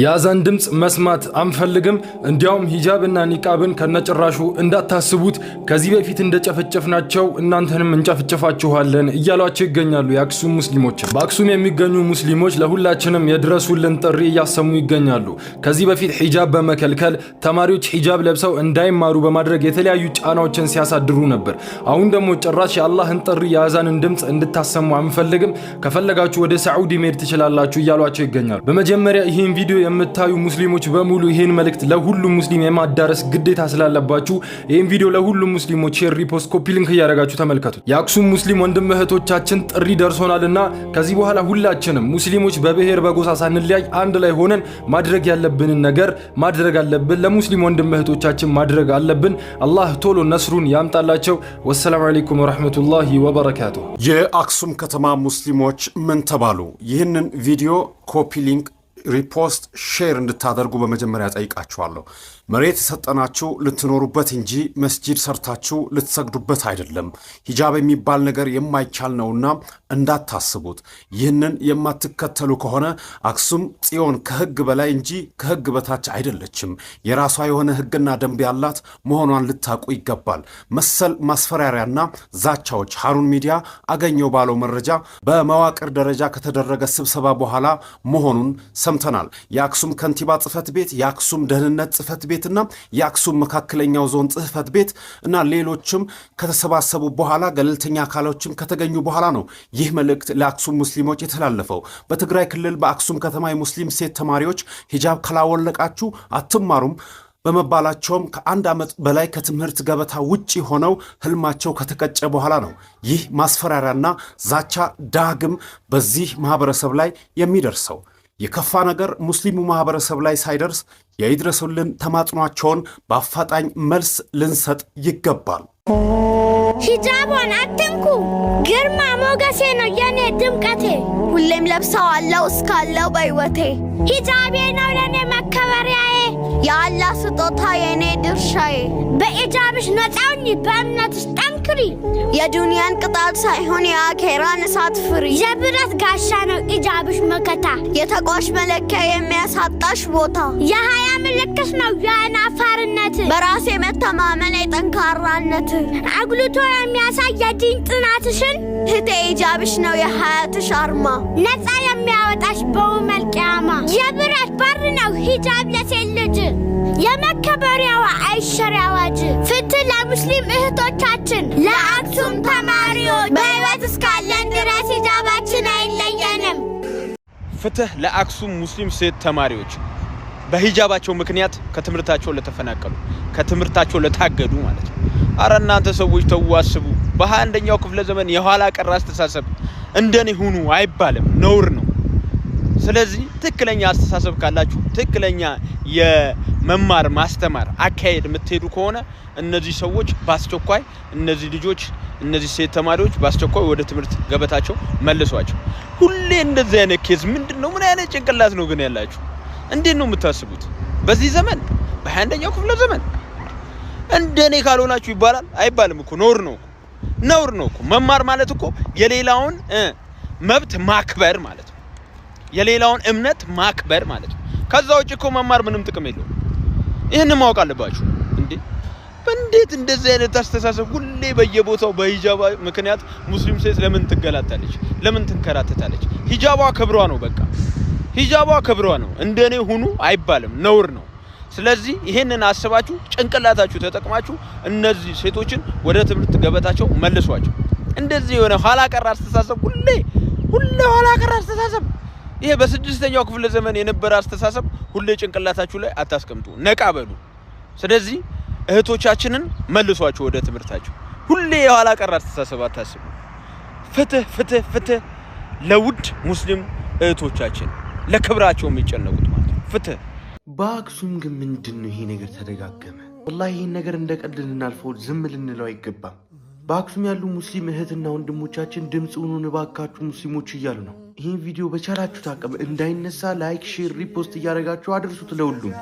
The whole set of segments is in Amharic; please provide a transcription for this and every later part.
የአዛን ድምፅ መስማት አንፈልግም፣ እንዲያውም ሂጃብና ኒቃብን ከነጭራሹ እንዳታስቡት፣ ከዚህ በፊት እንደጨፈጨፍናቸው እናንተንም እንጨፍጨፋችኋለን እያሏቸው ይገኛሉ የአክሱም ሙስሊሞች። በአክሱም የሚገኙ ሙስሊሞች ለሁላችንም የድረሱልን ጥሪ እያሰሙ ይገኛሉ። ከዚህ በፊት ሂጃብ በመከልከል ተማሪዎች ሂጃብ ለብሰው እንዳይማሩ በማድረግ የተለያዩ ጫናዎችን ሲያሳድሩ ነበር። አሁን ደግሞ ጭራሽ የአላህን ጥሪ የአዛንን ድምፅ እንድታሰሙ አንፈልግም፣ ከፈለጋችሁ ወደ ሳዑዲ መሄድ ትችላላችሁ እያሏቸው ይገኛሉ። በመጀመሪያ ይህን ቪዲዮ የምታዩ ሙስሊሞች በሙሉ ይህን መልእክት ለሁሉም ሙስሊም የማዳረስ ግዴታ ስላለባችሁ ይህን ቪዲዮ ለሁሉም ሙስሊሞች ሼር፣ ሪፖስት፣ ኮፒ ሊንክ እያደረጋችሁ ተመልከቱት። የአክሱም ሙስሊም ወንድም እህቶቻችን ጥሪ ደርሶናልና ከዚህ በኋላ ሁላችንም ሙስሊሞች በብሔር በጎሳ ሳንለያይ አንድ ላይ ሆነን ማድረግ ያለብንን ነገር ማድረግ አለብን። ለሙስሊም ወንድም እህቶቻችን ማድረግ አለብን። አላህ ቶሎ ነስሩን ያምጣላቸው። ወሰላም አለይኩም ወራህመቱላሂ ወበረካቱ። የአክሱም ከተማ ሙስሊሞች ምን ተባሉ? ይህንን ቪዲዮ ኮፒ ሊንክ ሪፖስት ሼር እንድታደርጉ በመጀመሪያ ጠይቃችኋለሁ። መሬት የሰጠናችሁ ልትኖሩበት እንጂ መስጂድ ሰርታችሁ ልትሰግዱበት አይደለም። ሂጃብ የሚባል ነገር የማይቻል ነውና እንዳታስቡት። ይህንን የማትከተሉ ከሆነ አክሱም ጽዮን ከሕግ በላይ እንጂ ከሕግ በታች አይደለችም። የራሷ የሆነ ሕግና ደንብ ያላት መሆኗን ልታውቁ ይገባል። መሰል ማስፈራሪያና ዛቻዎች ሀሩን ሚዲያ አገኘው ባለው መረጃ በመዋቅር ደረጃ ከተደረገ ስብሰባ በኋላ መሆኑን ሰምተናል። የአክሱም ከንቲባ ጽፈት ቤት፣ የአክሱም ደህንነት ጽፈት ቤት ቤትና የአክሱም መካከለኛው ዞን ጽህፈት ቤት እና ሌሎችም ከተሰባሰቡ በኋላ ገለልተኛ አካሎችም ከተገኙ በኋላ ነው ይህ መልእክት ለአክሱም ሙስሊሞች የተላለፈው። በትግራይ ክልል በአክሱም ከተማ የሙስሊም ሴት ተማሪዎች ሂጃብ ካላወለቃችሁ አትማሩም በመባላቸውም ከአንድ ዓመት በላይ ከትምህርት ገበታ ውጭ ሆነው ህልማቸው ከተቀጨ በኋላ ነው ይህ ማስፈራሪያና ዛቻ ዳግም በዚህ ማህበረሰብ ላይ የሚደርሰው። የከፋ ነገር ሙስሊሙ ማህበረሰብ ላይ ሳይደርስ የይድረሱልን ተማጽኗቸውን በአፋጣኝ መልስ ልንሰጥ ይገባል። ሂጃቧን አትንኩ። ግርማ ሞገሴ ነው የኔ ድምቀቴ። ሁሌም ለብሰዋለሁ እስካለው በሕይወቴ። ሂጃቤ ነው ለእኔ መከበሪያዬ፣ የአላህ ስጦታ የእኔ ድርሻዬ። በኢጃብሽ ነፃውኝ፣ በእምነትሽ ጠንክሪ። የዱንያን ቅጣት ሳይሆን የአኬራን እሳት ፍሪ። የብረት ጋሻ ነው ኢጃብሽ መከታ፣ የተቋሽ መለኪያ የሚያሳጣሽ ቦታ። የሀያ ምልክት ነው የእናፋርነት፣ በራሴ መተማመን የጠንካራነት አጉልቶ የሚያሳይ የዲን ጥናትሽን ህቴ ኢጃብሽ ነው የሀያትሽ አርማ ነፃ የሚያወጣሽ በውመል ቂያማ የብረት በር ነው ሂጃብ ለሴት ልጅ የመከበሪያዋ አይሸር አዋጅ ፍትህ ለሙስሊም እህቶቻችን ለአክሱም ተማሪዎች በህይወት እስካለን ድረስ ሂጃባችን አይለየንም። ፍትህ ለአክሱም ሙስሊም ሴት ተማሪዎች በሂጃባቸው ምክንያት ከትምህርታቸው ለተፈናቀሉ ከትምህርታቸው ለታገዱ ማለት ነው። አረ እናንተ ሰዎች ተው አስቡ። አንደኛው ክፍለ ዘመን የኋላ ቀር አስተሳሰብ እንደኔ ሁኑ አይባልም፣ ነውር ነው። ስለዚህ ትክክለኛ አስተሳሰብ ካላችሁ ትክክለኛ የመማር ማስተማር አካሄድ የምትሄዱ ከሆነ እነዚህ ሰዎች በአስቸኳይ እነዚህ ልጆች እነዚህ ሴት ተማሪዎች በአስቸኳይ ወደ ትምህርት ገበታቸው መልሷቸው። ሁሌ እንደዚህ አይነት ኬዝ ምንድን ነው? ምን አይነት ጭንቅላት ነው ግን ያላችሁ? እንዴት ነው የምታስቡት? በዚህ ዘመን በሃያ አንደኛው ክፍለ ዘመን እንደኔ ካልሆናችሁ ይባላል አይባልም እኮ ኖር ነው ነውር ነው እኮ መማር ማለት እኮ የሌላውን መብት ማክበር ማለት ነው። የሌላውን እምነት ማክበር ማለት ነው። ከዛ ውጭ እኮ መማር ምንም ጥቅም የለውም። ይህን ማወቅ አለባችሁ። እንዴ እንዴት እንደዚህ አይነት አስተሳሰብ ሁሌ በየቦታው በሂጃባ ምክንያት ሙስሊም ሴት ለምን ትገላታለች? ለምን ትንከራተታለች? ሂጃቧ ክብሯ ነው በቃ ሂጃቧ ክብሯ ነው። እንደኔ ሁኑ አይባልም፣ ነውር ነው። ስለዚህ ይሄንን አስባችሁ ጭንቅላታችሁ ተጠቅማችሁ እነዚህ ሴቶችን ወደ ትምህርት ገበታቸው መልሷቸው። እንደዚህ የሆነ ኋላ ቀር አስተሳሰብ ሁሌ ሁሌ ኋላ ቀር አስተሳሰብ ይሄ በስድስተኛው ክፍለ ዘመን የነበረ አስተሳሰብ ሁሌ ጭንቅላታችሁ ላይ አታስቀምጡ፣ ነቃ በሉ። ስለዚህ እህቶቻችንን መልሷቸው ወደ ትምህርታቸው። ሁሌ የኋላ ቀር አስተሳሰብ አታስቡ። ፍትህ ፍትህ ፍትህ ለውድ ሙስሊም እህቶቻችን ለክብራቸው የሚጨነቁት ማለት ነው። ፍትህ በአክሱም ግን ምንድን ነው ይሄ ነገር ተደጋገመ። ወላሂ ይህን ነገር እንደ ቀልድ ልናልፈው ዝም ልንለው አይገባም። በአክሱም ያሉ ሙስሊም እህትና ወንድሞቻችን ድምፅ ሁኑን እባካችሁ ሙስሊሞች እያሉ ነው። ይህን ቪዲዮ በቻላችሁ ታቀም እንዳይነሳ ላይክ፣ ሼር፣ ሪፖስት እያደረጋችሁ አድርሱት ለሁሉም።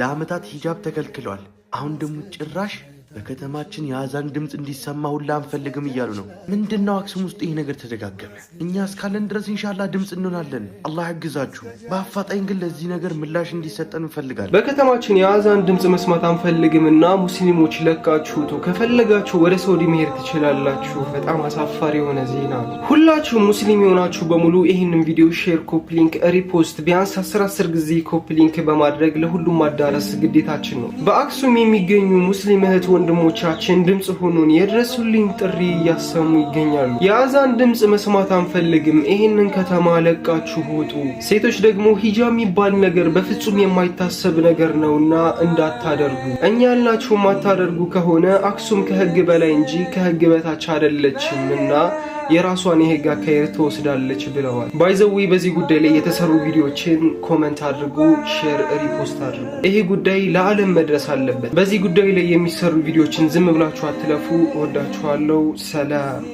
ለአመታት ሂጃብ ተከልክለዋል። አሁን ደግሞ ጭራሽ በከተማችን የአዛን ድምፅ እንዲሰማ ሁላ አንፈልግም እያሉ ነው። ምንድን ነው አክሱም ውስጥ ይህ ነገር ተደጋገመ። እኛ እስካለን ድረስ እንሻላ ድምፅ እንሆናለን። አላህ ያግዛችሁ። በአፋጣኝ ግን ለዚህ ነገር ምላሽ እንዲሰጠን እንፈልጋለን። በከተማችን የአዛን ድምፅ መስማት አንፈልግም እና ሙስሊሞች ለቃችሁቱ ከፈለጋችሁ ወደ ሰውዲ መሄድ ትችላላችሁ። በጣም አሳፋሪ የሆነ ዜና ነው። ሁላችሁ ሙስሊም የሆናችሁ በሙሉ ይህንን ቪዲዮ ሼር፣ ኮፕሊንክ፣ ሪፖስት ቢያንስ አስር አስር ጊዜ ኮፕሊንክ በማድረግ ለሁሉም ማዳረስ ግዴታችን ነው። በአክሱም የሚገኙ ሙስሊም እህት ወንድሞቻችን ድምፅ ሆኖን የድረሱልኝ ጥሪ እያሰሙ ይገኛሉ። የአዛን ድምፅ መስማት አንፈልግም፣ ይህንን ከተማ ለቃችሁ ውጡ። ሴቶች ደግሞ ሂጃብ የሚባል ነገር በፍጹም የማይታሰብ ነገር ነውና እንዳታደርጉ። እኛ ያልናችሁ ማታደርጉ ከሆነ አክሱም ከህግ በላይ እንጂ ከህግ በታች አይደለችም እና የራሷን የህግ አካሄድ ትወስዳለች ብለዋል። ባይዘዊ በዚህ ጉዳይ ላይ የተሰሩ ቪዲዮችን ኮመንት አድርጉ፣ ሼር፣ ሪፖስት አድርጉ። ይሄ ጉዳይ ለዓለም መድረስ አለበት። በዚህ ጉዳይ ላይ የሚሰሩ ቪዲዮችን ዝም ብላችሁ አትለፉ። ወዳችኋለሁ። ሰላም